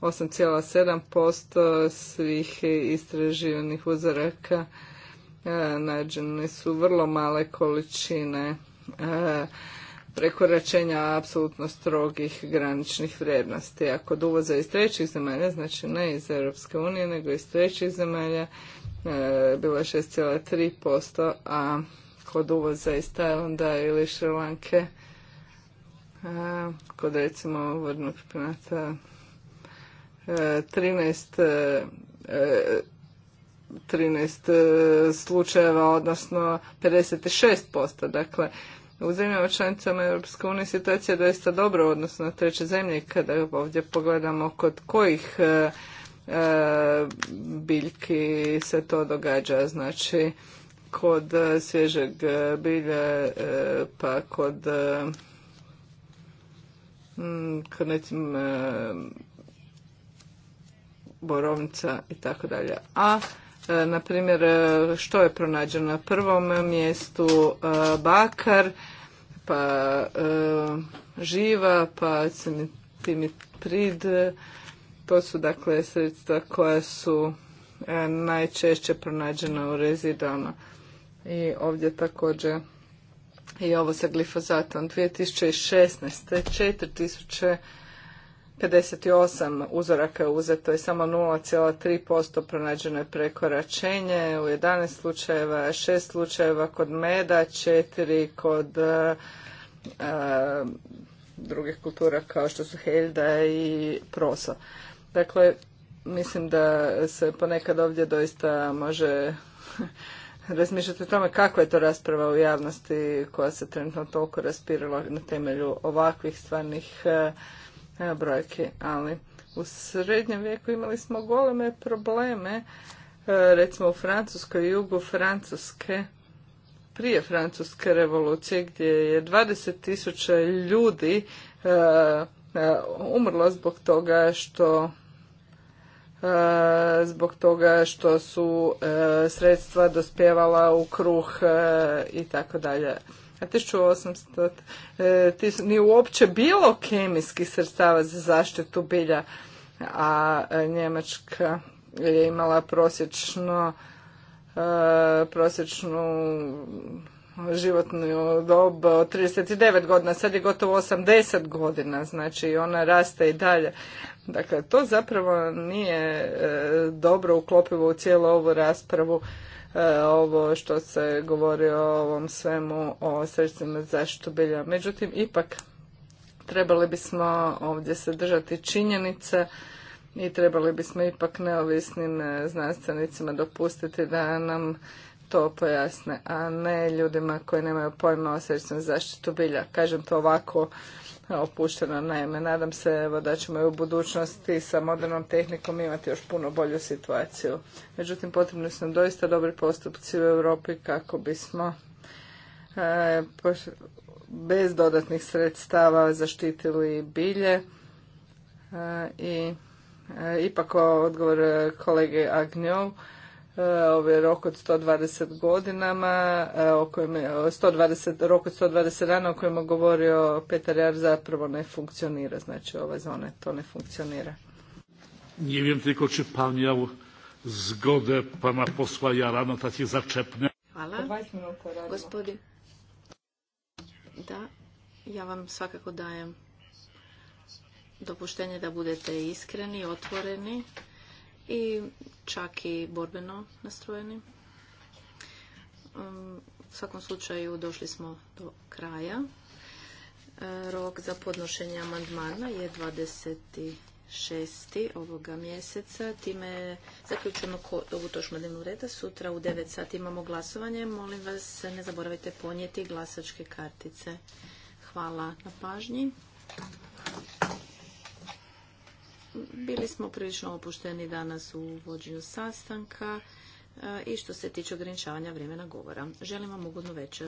8,7% svih istraživanih uzoraka nađene su vrlo male količine prekoračenja apsolutno strogih graničnih vrijednosti. A kod uvoza iz trećih zemalja, znači ne iz Europske unije, nego iz trećih zemalja, e, bilo je 6,3%, a kod uvoza iz Tajlanda ili Šrilanke, e, kod recimo vodnog špinata, 13 13 slučajeva, odnosno 56%. Dakle, u zemljama članicama Europske unije situacija je doista dobra u odnosu na treće zemlje kada ovdje pogledamo kod kojih e, e, biljki se to događa. Znači kod e, svježeg bilja pa kod e, borovnica i tako dalje. A E, na primjer e, što je pronađeno na prvom mjestu e, bakar pa živa pa cimitrid to su dakle sredstva koja su najčešće pronađena u rezidama i ovdje također i ovo sa glifozatom 2016. 4000 58 uzoraka je uzeto i samo 0,3% pronađeno je prekoračenje, u 11 slučajeva, 6 slučajeva kod meda, 4 kod e, e, drugih kultura kao što su helda i proso. Dakle, mislim da se ponekad ovdje doista može razmišljati o tome kakva je to rasprava u javnosti koja se trenutno toliko raspirala na temelju ovakvih stvarnih e, brojke ali u srednjem vijeku imali smo goleme probleme, e, recimo u Francuskoj, jugu Francuske, prije Francuske revolucije gdje je 20.000 ljudi e, e, umrlo zbog toga što zbog toga što su sredstva dospjevala u kruh i tako dalje. 1800 tisuća e, tis, ni uopće bilo kemijskih sredstava za zaštitu bilja, a e, Njemačka je imala prosječno e, prosječnu životnu dob od 39 godina, sad je gotovo 80 godina, znači ona raste i dalje. Dakle, to zapravo nije dobro uklopivo u cijelu ovu raspravu E, ovo što se govori o ovom svemu, o sredstvima zaštitu bilja. Međutim, ipak trebali bismo ovdje se držati činjenice i trebali bismo ipak neovisnim e, znanstvenicima dopustiti da nam to pojasne, a ne ljudima koji nemaju pojma o sredstvima zaštitu bilja. Kažem to ovako opušteno. Naime, nadam se evo, da ćemo i u budućnosti sa modernom tehnikom imati još puno bolju situaciju. Međutim, potrebni su nam doista dobri postupci u Europi kako bismo e, bez dodatnih sredstava zaštitili bilje e, i e, ipak odgovor kolege Agnjov E, ovaj rok od 120 godinama, e, o kojem je, 120, rok od 120 dana o kojem je govorio Petar Jar zapravo ne funkcionira, znači ova zona to ne funkcionira. Nie wiem tylko, czy pan miał zgodę pana posła Jara na takie zaczepne. Hvala. Gospodin. Da, ja vam svakako dajem dopuštenje da budete iskreni, otvoreni i čak i borbeno nastrojeni. Um, u svakom slučaju došli smo do kraja. E, rok za podnošenje amandmana je 26. ovoga mjeseca. Time zaključujemo ovu točnu dnevnu reda. Sutra u 9 sati imamo glasovanje. Molim vas, ne zaboravite ponijeti glasačke kartice. Hvala na pažnji. Bili smo prilično opušteni danas u vođenju sastanka e, i što se tiče ograničavanja vremena govora. Želim vam ugodnu večer.